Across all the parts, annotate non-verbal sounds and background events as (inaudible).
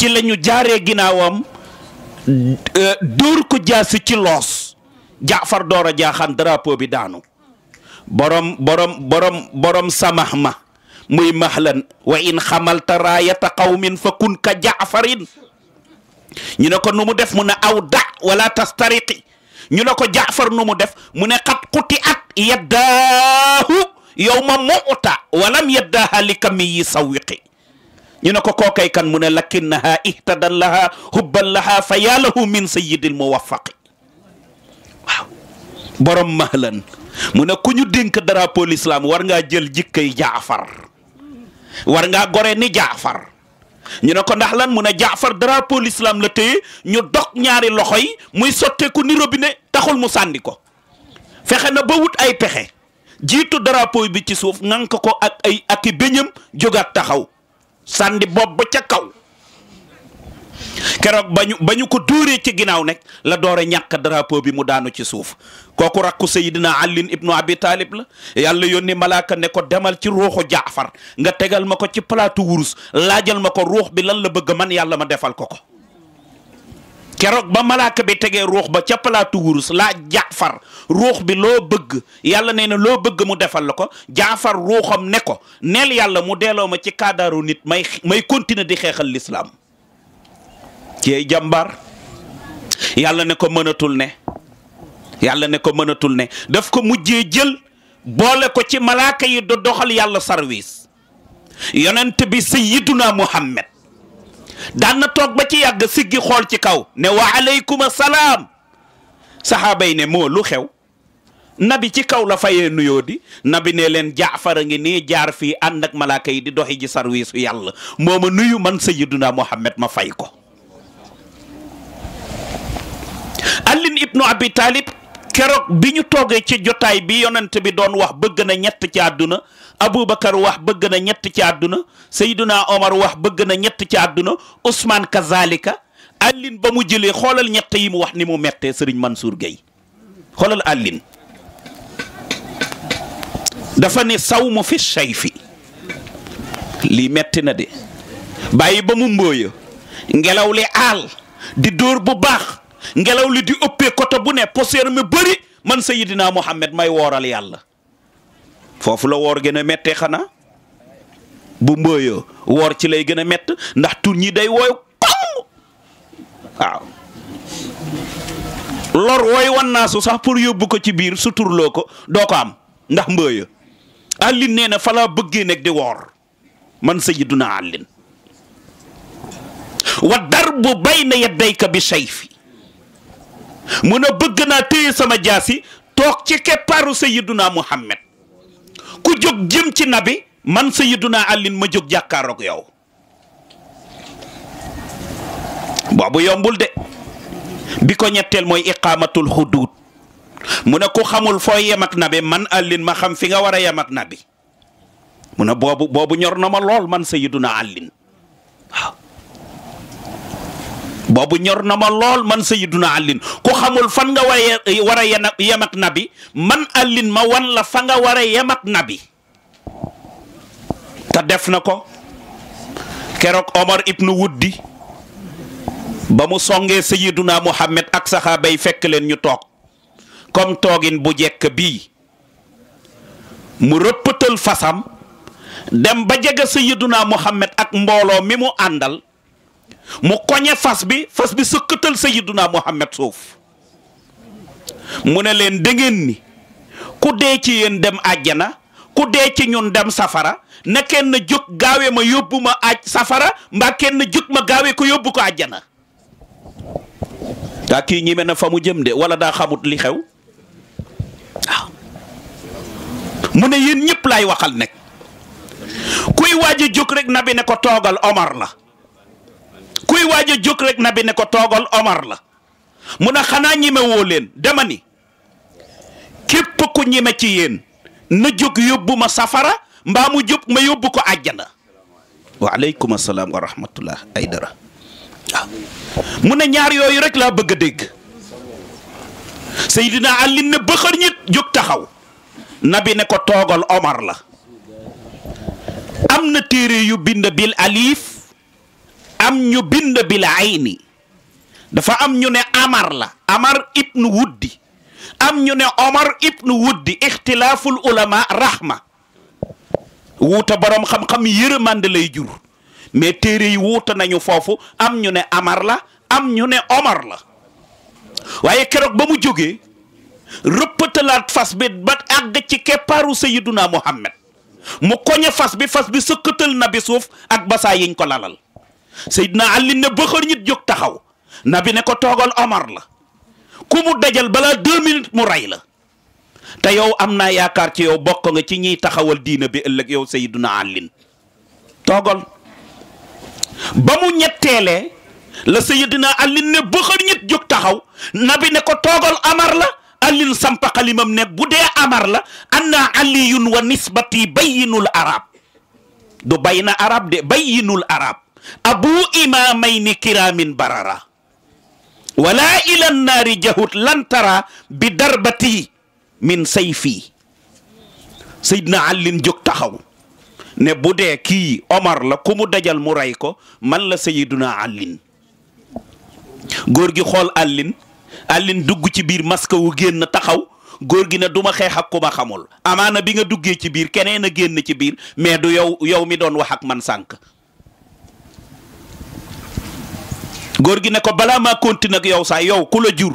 ci lañu jaaree ginnaawam euh, dóor ko jaasi ci loos jaafar door a jaaxaan drapeau bi daanu borom borom samax ma muy mahlan wa in xamalta raayata qawmin fa kun ka jaafarin ñu ne ko nu mu def mu ne aw da wala tastariqi ñu ne ko jaafar nu def mu ne xat xuti at yaddaahu yawma mu'ta walam yaddaha li kamiyi sawwiqi ñu ne ko kookay kan mu ne lakinnaha ihtadan laha hubban laha fa yaalahu min sayyidil muwaffaqi waaw borom mahlan mu ne ku ñu dénk drapeau lislaam war ngaa jël jikkay jaafar war ngaa gore ni jaafar ñu ne ko ndax lan mu ne jaafar drapeau l'islam la téye ñu dog ñaari loxo yi muy sotteeku ni robinet taxul mu sànni ko fexe na ba wut ay pexe jiitu drapeau bi ci suuf nank ko ak ay ak jógaat taxaw sàndi bopp ba ca kaw keroog ba ñu ko dóoree ci ginnaaw nekk la doore ñàkk drapeau bi mu daanu ci suuf kooku rakku Seydina Ali ibnu Abi taalib la yàlla yónni malaaka ne ko demal ci ruuxu Jaafar nga tegal ma ko ci palaatu wurus laajal ma ko ruux bi lan la bëgg man yàlla ma defal ko ko keroog ba malaaka bi tegee ruux ba ca palaatu wurus laa jaafar ruux bi loo bëgg yàlla nee na loo bëgg mu defal la ko jaafar ruuxam ne ko neel yàlla mu delloo ma ci kaadaaru nit may may continuer di xeexal lislaam ci jàmbaar yàlla ne ko mënatul ne yàlla ne ko mënatul ne daf ko mujjee jël boole ko ci malaaka yi doxal yàlla service yonent bi sayyiduna muhammad daan na toog ba ci yàgg siggi xool ci kaw ne wa aleykum salaam saxaaba yi ne moo lu xew nabi ci kaw la fayee nuyoo di nabi ne leen jaafar a ngi nii jaar fii ànd ak malaaka yi di doxi ji sarwiisu yàlla moo ma nuyu man sayiduna muhammad ma fay ko alin ibnu abi talib keroog bi ñu toogee ci jotaay bi yonent bi doon wax bëgg na ñett ci àdduna Aboubacar wax bëgg na ñett ci àdduna Seydina Omar wax bëgg na ñett ci àdduna Ousmane Kazalika àllin ba mu jëlee xoolal ñett yi mu wax ni mu mettee sëriñ Mansour Gueye xoolal àllin dafa ne saw mu fi sayfi lii metti na de bàyyi ba mu mbóoya ngelaw li aal di dóor bu baax ngelaw li di ëppee côté bu ne poussière mi bëri man Seydina Muhammad may wooral yàlla foofu la woor gën a méttee xanaa bu mbooyoo woor ci lay gën a mett ndax tur ñi day wooy koŋ waaw lor wooy wan sax pour yóbbu ko ci biir suturloo ko doo ko am ndax mbooya àllin nee na fa laa bëggee nekk di woor man Seydina àllin wa darbu bayna yadayka bi sayfi mu ne bëgg naa téye sama jaasi toog ci keppaaru sayyiduna Muhammad ku jóg jëm ci nabi man sayyiduna Alin ma jóg jàkkaaroog yow boobu yombul de bi ko ñetteel mooy iqaamatul xuduud mu ne ku xamul fooy yem ak nabi man Alin ma xam fi nga war a yem ak nabi mu ne boobu boobu ñor na ma lool man sayyiduna Alin boobu ñor na ma lool man sayyiduna allin ku xamul fan nga war a eh, yem ak nabi man allin ma wan la fa nga war a yem ak nabi te def na ko keroog Omar ibnu Wuddi ba mu songee sayyiduna Muhammad ak saxaaba fekk leen ñu toog comme toogin bu jekk bii mu rëppatal fasam dem ba jeg jege sayyiduna Muhammad ak mbooloo mi mu àndal mu koñe fas bi fas bi sa sëkkatal sayyiduna Muhammad suuf mu ne leen dangeen ni ku dee ci yéen dem àjjana ku dee ci ñun dem safara na kenn jóg gaawe ma yóbbu ma aj safara mbaa kenn jóg ma gaawe ko yóbbu ko àjjana daa kii ñime na fa mu jëm de wala daa xamut li xew mu ne yéen ñëpp laay waxal nekk kuy waaj a jóg rek nabi ne ko toogal Omar la muy waaj a rek nabi ne ko toogal Omar la mu ne xanaa ñime leen dema ni képp ci yéen na jóg yóbbu ma safara mbaa jóg ma yóbbu ko àjjana waaleykum asalaam wa rahmatullah ay dara mu ne ñaar yooyu rek laa bëgg a dégg Seydina Ali ne bëxër ñit jóg taxaw nabi ne ko toogal Omar la am na téere yu bind bil alif am ñu bind bi la ayni dafa am ñu ne Amar la Amar ibnu Wuddi am ñu ne Omar ibnu Wuddi ixtilaaful ulama rahma wuuta borom xam-xam yërëmande lay jur mais téere yi wuute nañu foofu am ñu ne Amar la am ñu ne Omar la waaye keroog ba mu jógee rëppatalaat fas bi ba àgg ci keppaaru Sayyiduna Muhammad mu koñe fas bi fas bi sëkkatal na bi suuf ak basaa yiñ ko lalal Seydina Ali ne bëxër ñit jóg taxaw nabi ne ko toogal Omar la ku mu dajal balaa deux minutes mu rey la te yow am naa yaakaar ci yow bokk nga ci ñiy taxawal diina bi ëllëg yow Seydina Ali toogal ba mu ñetteelee la Seydina Ali ne bëxër ñit jóg taxaw nabi ne ko toogal amar la alin samp xalimam ne bu dee amar la anna aliyun wa nisbati bayyinul arab du bay na arab de bayyinul arab abu imaamayni kiraamin barara wala ila naari jahut lantara bi darbati min sayfi saydna allin jóg taxaw ne bu dee kii omar la ku mu dajal mu rey ko man la sayiduna allin góor gi xool allin allin dugg ci biir maska wu génn taxaw góor gi ne duma ma xeex ak xamul amaana bi nga duggee ci biir keneen a génn ci biir mais du yow yow mi doon wax ak man sànk góor gi ne ko balaa maa continué ak yow sax yow ku la jur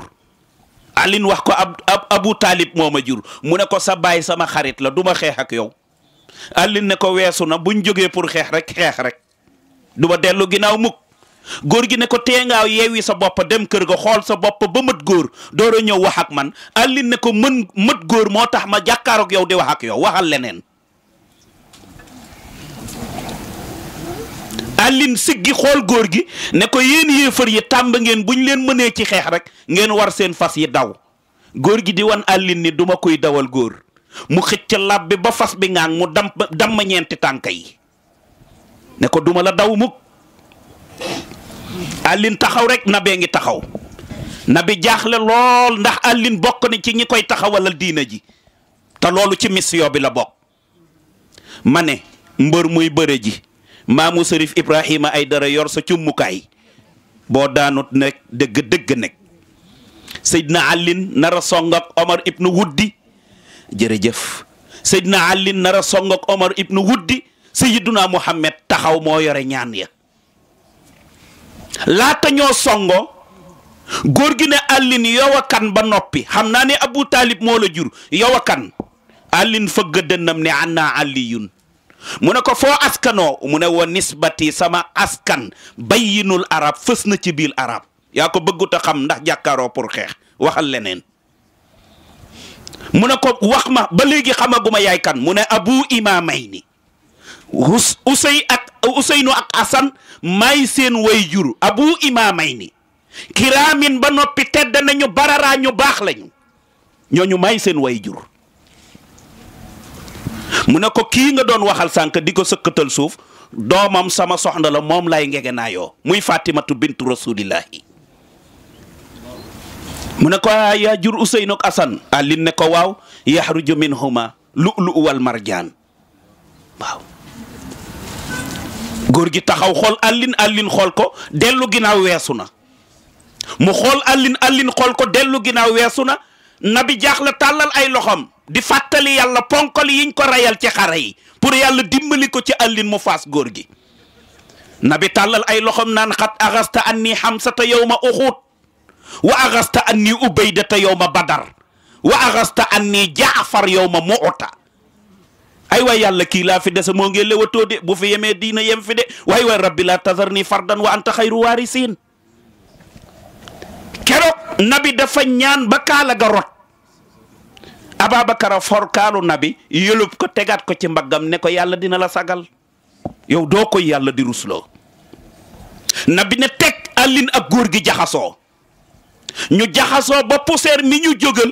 Alin wax ko ab ab Abu Taalib moo ma jur mu ne ko sa baay sama xarit la du ma xeex ak yow Alin ne ko weesu na buñ jógee pour xeex rek xeex rek duma dellu ginnaaw muk góor gi ne ko tee ngaa yeewi sa bopp dem kër ga xool sa bopp ba mët góor doora ñëw wax ak man Alin ne ko mën mët góor moo tax ma jàkkaarook yow di wax ak yow waxal leneen. àllin siggi xool góor gi ne ko yéen yéefar yi tàmb ngeen buñ leen mënee ci xeex rek ngeen war seen fas yi daw góor gi di wan àllin ni duma koy dawal góor mu xëcc làbbi ba fas bi ngaang mu dam damm ñeenti tànk yi ne ko duma la daw mukk àllin taxaw rek na bee ngi taxaw na bi jaaxle lool ndax àllin bokk na ci ñi koy taxawalal diina ji te loolu ci mission bi la bokk ma ne mbër muy bëre ji maamu Serif Ibrahima ay dara yor sa cummukaay boo daanut nekk dëgg dëgg nekk Seydina Alin nara song ak Omar ibnu Wuddi jërëjëf Seydina Alin nara song ak Omar ibnu Wuddi Seydina Muhammad taxaw moo yore ñaan ya laata ñoo songo góor gi ne Alin yow ba noppi xam naa ne Abu Taalib moo la jur yow a kan dënnam ne ana Aliyun mu ne ko foo askanoo mu ne woon nisbati sama askan bayyinul arab fës na ci biir araab yaa ko bëgguta xam ndax jàkkaaroo pour xeex waxal leneen mu ne ko wax ma ba léegi xamaguma yaay kan mu ne abu imaamayni usey ak useynu ak asan may seen way jur abu ni kiraamin ba noppi tedd nañu bararaa ñu baax lañu ñooñu may seen way jur mu ne ko kii nga doon waxal sànq di ko sëkkatal suuf doomam sama soxna la moom lay ngege naayoo muy fatimatu bintu rasulillahi mu ne ko ah, yaajur jur useyn ak asan alin ne ko waaw yaxruju minhuma lu'lu wal marjaan waaw góor gi taxaw xool allin allin xool ko dellu ginnaaw weesu na mu xool allin allin xool ko dellu ginnaaw weesu na nabi la tàllal ay loxoom di fàttali yàlla ponkal yiñ ko reyal ci xare yi pour yàlla dimbali ko ci àllin mu fas góor gi nabi tàllal ay loxom naan xat axasta anni xamsata yawma uxuut wa axasta anni ubaydata yawma badar wa axasta anni jaafar yawma muuta ay waay yàlla kii laa fi dese moo ngi lewatoo bu fi yemee diina yem fi de waay waay rabbi laa tazarni fardan wa anta xayru waarisiin keroog nabi dafa ñaan ba kaala ga rot Ababakar forkaalu nabi yëlub ko tegaat ko ci mbaggam ne ko yàlla dina la sagal yow doo ko yàlla di rusloo nabi ne teg àllin ak góor gi jaxasoo ñu jaxasoo ba poussière mi ñu jógal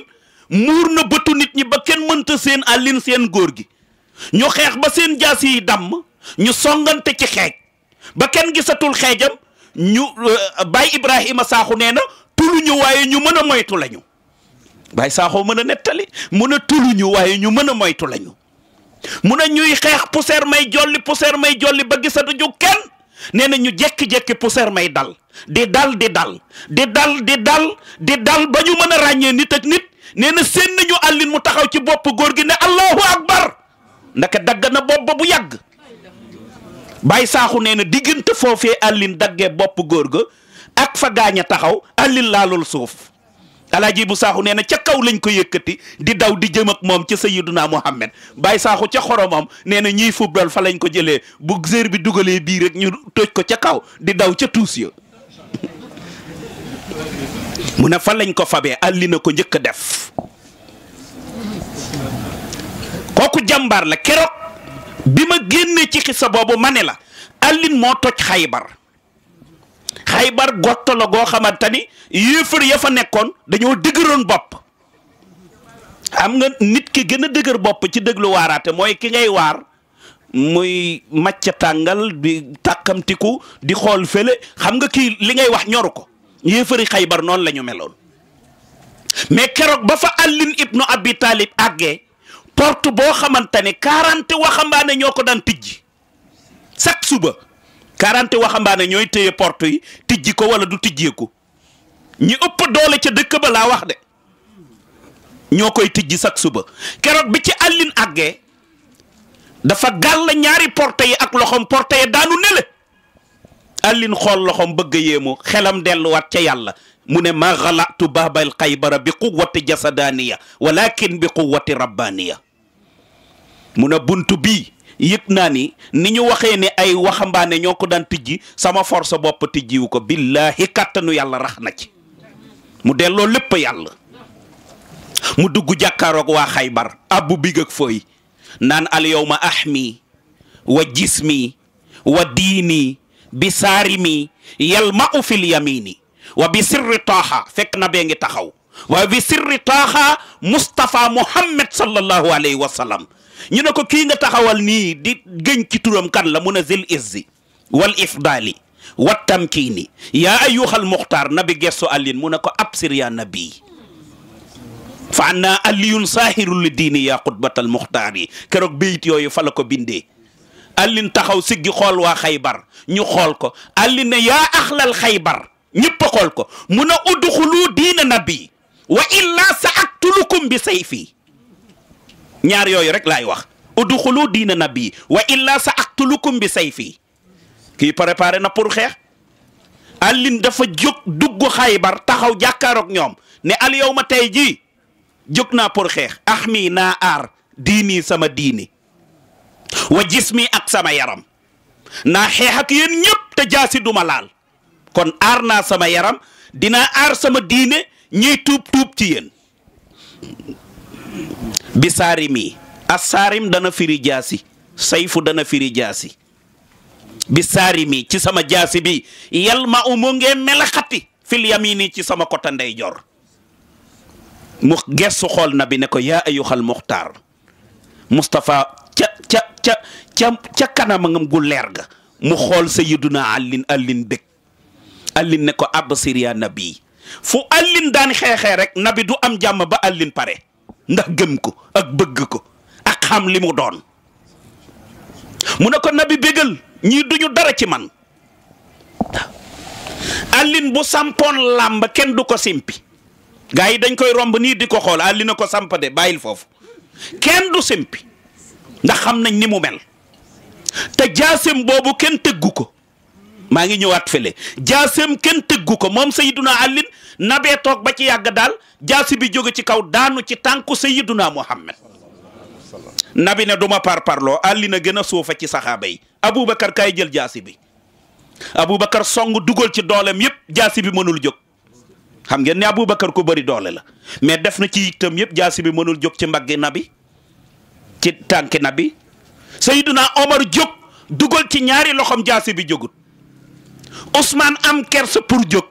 muur na bëtu nit ñi ba kenn mënta seen àllin seen góor gi ñu xeex ba seen jaas yi damm ñu songante ci xeej ba kenn gisatul xeejam ñu euh, Baye Ibrahima Sakho nee na tuluñu waaye ñu mën a moytu lañu waaye saaxoo mën a nettali mun a ñu waaye ñu mën a moytu lañu mun a ñuy xeex poussière may jolli poussière may jolli ba gisatu ju kenn nee na ñu jékki-jékki poussière may dal di dal di dal di dal dal di dal ba ñu mën a ràññee nit ak nit nee na seen nañu àllin mu taxaw ci boppu góor gi ne allahu akbar ndaka dagg na bopp ba bu yàgg bàyyi saaxu nee na diggante foofee àllin daggee bopp góor ga ak fa gaaña taxaw àllin laalul suuf alaaji bu saaxu nee na ca kaw lañ ko yëkkati di daw di jëm ak moom ca sayyiduna Muhammad bàyyi saaxu ca xoromam nee na ñiy football fa lañ ko jëlee bu géer bi dugalee bii rek ñu toj ko ca kaw di daw ca tuus ya mu ne fa lañ ko fabee àlli ko njëkk a def kooku jàmbaar la keroog bi ma génnee ci xisa boobu ma ne la àllin moo toj xaybar xaybar gott la goo xamante ni yéefar ya fa nekkoon dañoo dëgëroon bopp xam nga nit ki gën a dëgër bopp ci déglu waaraate mooy ki ngay waar muy macca tàngal di tàkkamtiku di xool fële xam nga kii li ngay wax ñoru ko yéefari xaybar noonu la meloon mais keroog ba fa àllin ibnu abi àggee porte boo xamante ne quarante waxambaane ñoo ko daan tijji chaque suba quarante waxambaane ñooy téye porte yi tijji ko wala du tijjee ko ñi ëpp doole ca dëkk ba laa wax de ñoo koy tijji sak suba keroot bi ci àllin àggee dafa gàll ñaari porte yi ak loxoom porte yi daanu nele àllin xool loxoom bëgg yéemu xelam delluwaat ca yàlla mu ne ma xalaatu baabal xaybara bi quwwati jasadaniya walakin bi quwwati rabbaniya mu ne buntu bii yëg naa ni ni ñu waxee ni ay waxambaane ñoo ko daan tijji sama force bopp tijjiwu ko billaahi kàttanu yàlla rax na ci mu delloo lépp yàlla mu dugg jàkkaarook waa xaybar abbu big ak fooy naan al yawma ahmi wa jismi wa diini bi saarimi yalma u fil wa bi sirri taaxa fekk na bee ngi taxaw wa bi sirri taaxa Moustapha Mohamed sallallahu alayhi wa sallam ñu ne ko kii nga taxawal nii di gëñ kan la mun a zil izzi wal ifdaali wat tamkiini yaa ayyuhal muxtaar nabi gestu àllin mu ne ko absir yaa nabi fa anna aliyun saahiru li diini yaa xutbatal muxtaar yi keroog béyit yooyu fa la ko bindee allin taxaw siggi xool waa xaybar ñu xool ko allin ne yaa axlal xaybar ñëpp a xool ko mun a udxulu diina nabi wa illaa sa aktulukum bi sayfi ñaar yooyu rek laay wax udxulu diina nabi wa illa sa aqtulukum bi sayfi kii préparé na pour xeex Alioune dafa jóg dugg xaybar taxaw jàkkaarook ñoom ne al yow ma tey ji jóg naa pour xeex ahmi na aar diini sama diini wa jismi ak sama yaram naa xeex ak yéen ñëpp te jaasi duma laal kon aar naa sama yaram dina aar sama diine ñiy tuub tuub ci yéen bi saarimi asaarim dana firi jaasi sayfu dana firi jaasi bi saarimi ci sama jaasi bi yal ma umu ngee melaxati fil yamini ci sama kota ndeyjoor mu gestu xool na bi ne ko yaa ayuxal muxtaar Moustapha ca ca ca ca ca kanama ngam gu leer ga mu xool sayyiduna allin allin bég allin ne ko absir ya nabi fu allin daan xeexee rek nabi du am jàmm ba allin pare ndax gëm ko ak bëgg ko ak xam li mu doon mu ne ko nabi bégal ñii duñu dara ci man àllin bu sampoon làmb kenn du ko simpi gaa yi dañ koy romb nii di ko xool àllina ko samp de bàyyil foofu kenn du simpi ndax xam nañ ni mu mel te jaasim boobu kenn tëggu ko maa ngi ñëwaat fële jaasim kenn tëggu ko moom naa àllin nabee toog ba ci yàgg daal jaasi bi jóge ci kaw daanu ci tànku sayyiduna Muhammad nabi ne duma par parloo àlli na gën a suufa ci saxaaba yi Aboubacar kaay jël jaasi bi Aboubacar song dugal ci doolem yëpp jaasi bi mënul jóg xam ngeen ne Aboubacar ko bari doole la mais def na ci itam yëpp jaasi bi mënul jóg ci mbaggi nabi ci tànki nabi Sayyiduna Omar jóg dugal ci ñaari loxoom jaasi bi jógut Ousmane am kersa pour jóg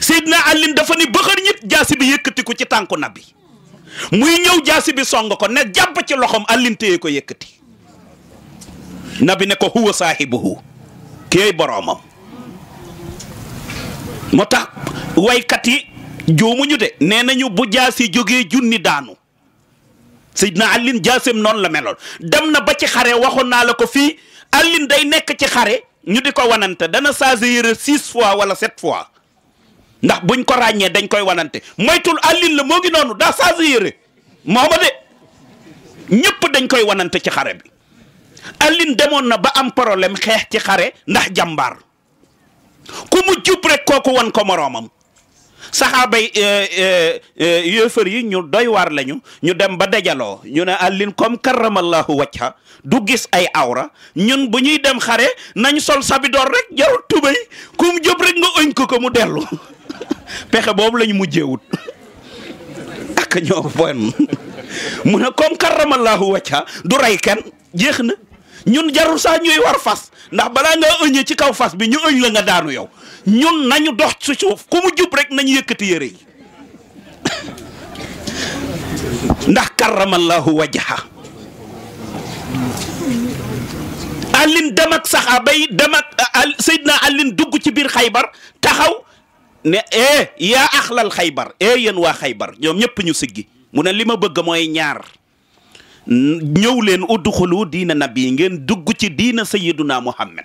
Seydina Alin dafa ni bëxër ñit jaasi bi yëkkati ko ci tànku nabi muy ñëw jaasi bi song ko ne jàpp ci loxoom Alin téye ko yëkkati nabi ne ko huwa saahibuhu kiyey boroomam moo tax waykat yi juumuñu de nee nañu bu jaasi jógee junni daanu Seydina Alin jaasim noonu la meloon dem na ba ci xare waxoon naa la ko fii Alin day nekk ci xare ñu di ko wanante dana changé yére six fois wala sept fois ndax buñ ko ràññee dañ koy wanante moytul àllin la moo ngi noonu daa saa yére mooma de ñëpp dañ koy wanante ci xare bi àllin demoon na ba am problème xeex ci xare ndax jàmbaar ku mu jub rek kooku wan ko moroomam saxaabay euh, euh, euh, yéefar yi ñu doy waar lañu ñu dem ba dajaloo ñu ne àllin comme karamallahu wajha du gis ay awra ñun bu ñuy dem xare nañ sol sabidoor rek jarul tubéy ku mu jub rek nga ëñ ko ko mu dellu pexe boobu lañu mujjee wut ak ñoo bon mu ne comme karamallahu wacca du rey kenn jeex na ñun jarul sax ñuy war fas ndax balaa nga ëññee ci kaw fas bi ñu ëñ la nga daanu yow ñun nañu dox ci suuf ku mu jub rek nañu yëkkati yére yi ndax karamallahu wajha alin dem ak saxaaba yi dem ak Seydina alin dugg ci biir xaybar taxaw ne eh yaa axlal xaybar eh yéen waa xaybar ñoom ñëpp ñu siggi mu ne li ma bëgg mooy ñaar ñëw leen udduxulu diina nabi ngeen dugg ci diina sayyiduna muhammad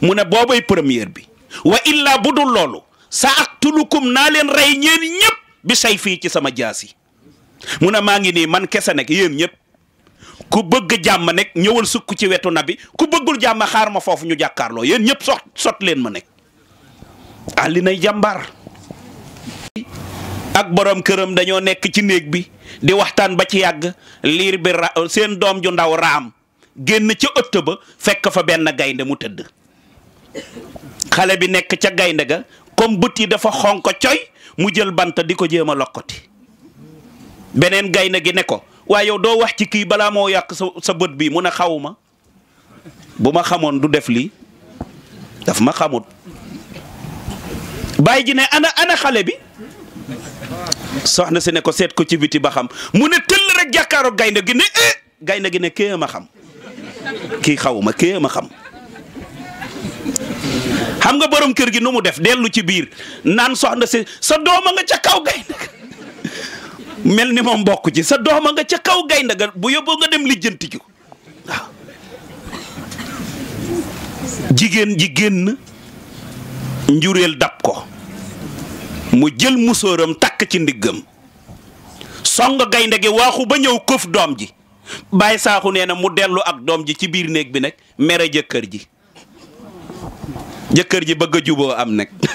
mu ne boobay première bi wa illaa bu dul loolu sa aktulukum naa leen rey ñeen ñëpp bi say fii ci sama jaasi mu ne maa ngi nii man kese nekk yéen ñëpp ku bëgg jàmm nekk ñëwal sukk ci wetu nabi ku bëggul jàmm xaar ma foofu ñu jàkkaarloo yéen ñëpp sot sot leen ma nekk àlli nay jàmbaar ak boroom këram dañoo nekk ci néeg bi di waxtaan ba ci yàgg liir bi ra seen doom ju ndaw raam génn ca ëtt ba fekk fa benn gaynde mu tëdd xale bi nekk ca gaynde ga comme bët yi dafa xonko coy mu jël bant di ko jéema a beneen gaynde gi ne ko waaye doo wax ci kii balaa moo yàq sa bët bi mu ne xawuma bu ma xamoon du def lii daf ma xamut bàyyi ji ne ana ana xale bi soxna si ne ko seet ko ci biti ba xam mu ne tëll rek jàkkaaroo gaynde gi ne eh, gaynde gi ne kee ma xam kii xawuma kee a xam xam nga boroom kër gi nu mu def dellu ci biir naan soxna si sa dooma nga ca kaw gaynde mel ni moom mbokk ci sa dooma nga ca kaw gaynde ga bu yóbboo nga dem lijjanti ko jigéen ji génn njureel dab ko mu jël musóoram takk ci ndiggam song gaynde gi waaxu ba ñëw këf doom ji bàyyi saaxu nee na mu dellu ak doom ji ci biir néeg bi nag mere jëkkër ji jëkkër ji bëgg a juboo am nag (laughs)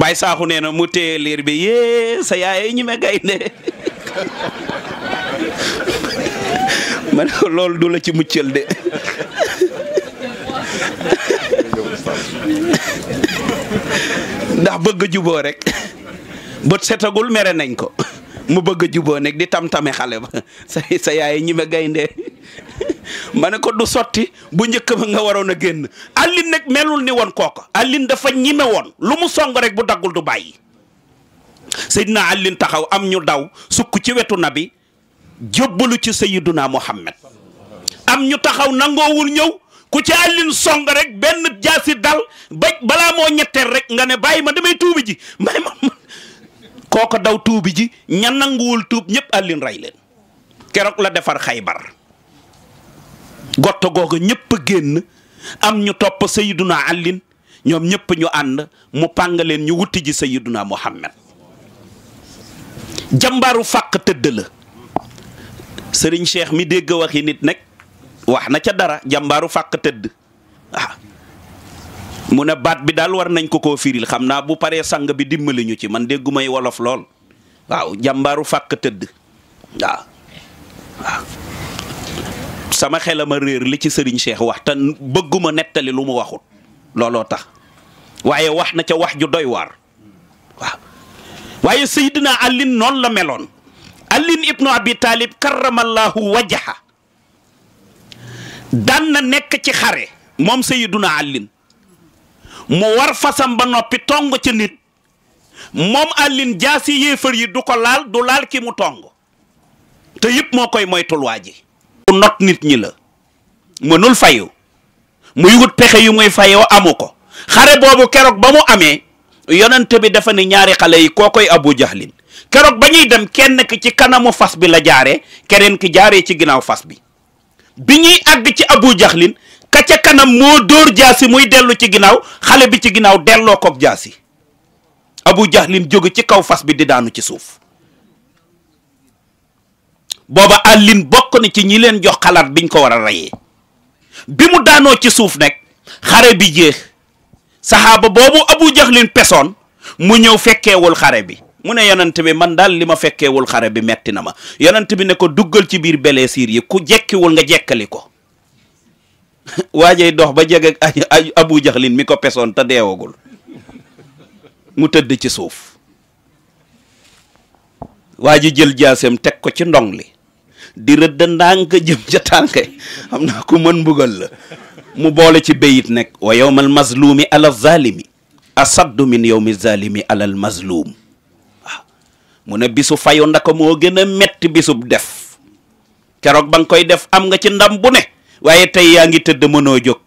bàyyi saaxu nee na mu téye liir bi yée sa yaay ñi me gaynde (laughs) man loolu du la ci muccal de (laughs) ndax bëgg a juboo rek bët setagul mere nañ ko mu bëgg juboo nekk di tam-tame xale ba (laughs) sa sa yaay ñi ma gaynde (laughs) ma ne ko du sotti bu njëkk ba nga waroon a génn Aline nag melul ni woon kooka Aline dafa ñime woon lu mu song rek bu daggul du bàyyi Seydina Aline taxaw am ñu daw sukk ci wetu nabi jébbalu ci Sayyiduna Muhammad am ñu taxaw nangoowul ñëw ku ci àllin song rekk benn jaasi dal ba balaa moo ñetteel rekk nga ne bàyyi ma damay tuubi ji may ma kooko daw tuubi ji ña nanguwul tuub ñëpp àllin rey leen keroog la defar xaybar gotto googa ñëpp génn am ñu topp sayiduna àllin ñoom ñëpp ñu ànd mu pàng leen ñu wuti ji sayiduna muhammad jambaru fàq tëdd la sëriñ cheikh mi dégg waxi nit nag wax na ca dara jàmbaaru fàq tëdd ah mu ne baat bi daal war nañ ko ko firil xam naa bu paree sang bi dimbali ñu ci man déggumay wolof lool waaw jàmbaaru fàq tëdd waaw ah. ah. waaw sama xelama réer li ci sëriñ seex waxta bëgguma nettali lu mu waxut looloo tax waaye wax na ca wax ju doy waar waaw waaye Seydina Alin noonu la meloon Alin ibnu Abi Talib karamallahu wajaha daan na nekk ci xare moom Sayyiduna Alin mu war fasam ba noppi tong ci nit moom Alin jaasi yéefar yi du ko laal du laal ki mu tong te yëpp moo koy moytul waa ji ku not nit ñi la mënul fayu muy wut pexe yu muy fayoo amu ko xare boobu keroog ba mu amee yonent bi dafa ne ñaari xale yi koo koy Abu Jahlin keroog ba ñuy dem kenn ki ci kanamu fas bi la jaaree keneen ki jaaree ci ginnaaw fas bi bi ñuy àgg ci abu jaxlin ka ca kanam moo dóor jaasi muy dellu ci ginnaaw xale bi ci ginnaaw delloo kook jaasi abu jaxlin jóge ci kaw fas bi di daanu ci suuf booba àllin bokk na ci ñi leen jox xalaat biñ ko war a reyee bi mu daanoo ci suuf nekk xare bi jeex saxaaba boobu abu jaxlin pesoon mu ñëw fekkeewul xare bi mu ne yonent bi man daal li ma fekkeewul xare bi metti na ma yonent bi ne ko duggal ci biir blessure yi ku jekkiwul nga jekkali ko (laughs) waajey dox ba jege ak abu jaxlin mi ko pesoon te deewagul mu tëdd ci suuf waa jël jaaseem teg ko ci ndong li di rëdd ndànk jëm ca tànke xam naa ku mën mbugal la mu boole ci béyit nekk wa yowmal mazlumi ala zalimi asaddu min yowmi zalimi alal mazlum mu ne bisu fayu ndaka moo gën a metti bisub def keroog ba nga koy def am nga ci ndam bu ne waaye tey yaa ngi tëdd mënoo jóg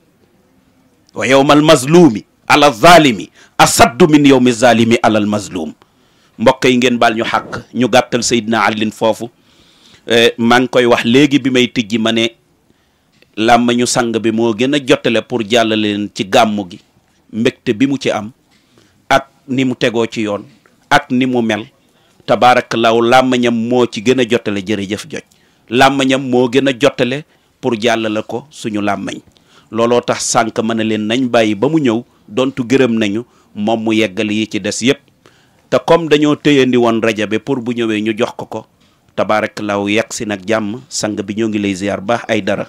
wa yowmal mazlumi ala a asaddu min yowmi zalimi alal mazlum mbokk yi ngeen bal ñu xàq ñu gàttal Seydina Alin foofu eh, maa ngi koy wax léegi bi may tijji ma ne làmma ñu sang bi moo gën a jotale pour jàllale leen ci gàmmu gi mbégte bi mu ci am ak ni mu tegoo ci yoon ak ni mu mel tabarak law làmmañam moo ci gën a jottale jërëjëf jot làmmañam moo gën a jottale pour jàll la ko suñu làmmañ looloo tax sànq mën a leen nañ bàyyi ba mu ñëw dont gërëm nañu moom mu yeggal yi ci des yépp te comme dañoo téyandi woon rajabe pour bu ñëwee ñu jox ko ko tabaarakallaahu yegg si nag jàmm sang bi ñoo ngi lay ziar baax ay dara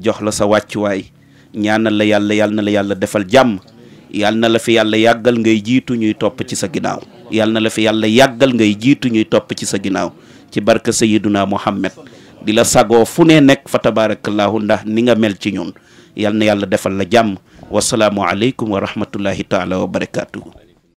jox la sa wàccuwaay ñaanal la yàlla yàlla na la yàlla defal jàmm yàlla na la fi yàlla yàggal ngay jiitu ñuy topp ci sa ginnaaw yal na la fi yàlla yàggal ngay jiitu ñuy topp ci sa ginnaaw ci barke Sayyiduna Muhammad di la sagoo fu ne nekk fa tabaarakallaahu ndax ni nga mel ci ñun yal na yàlla defal la jàmm wasalaamu aleykum wa rahmatullahi taala wa barakaatuhu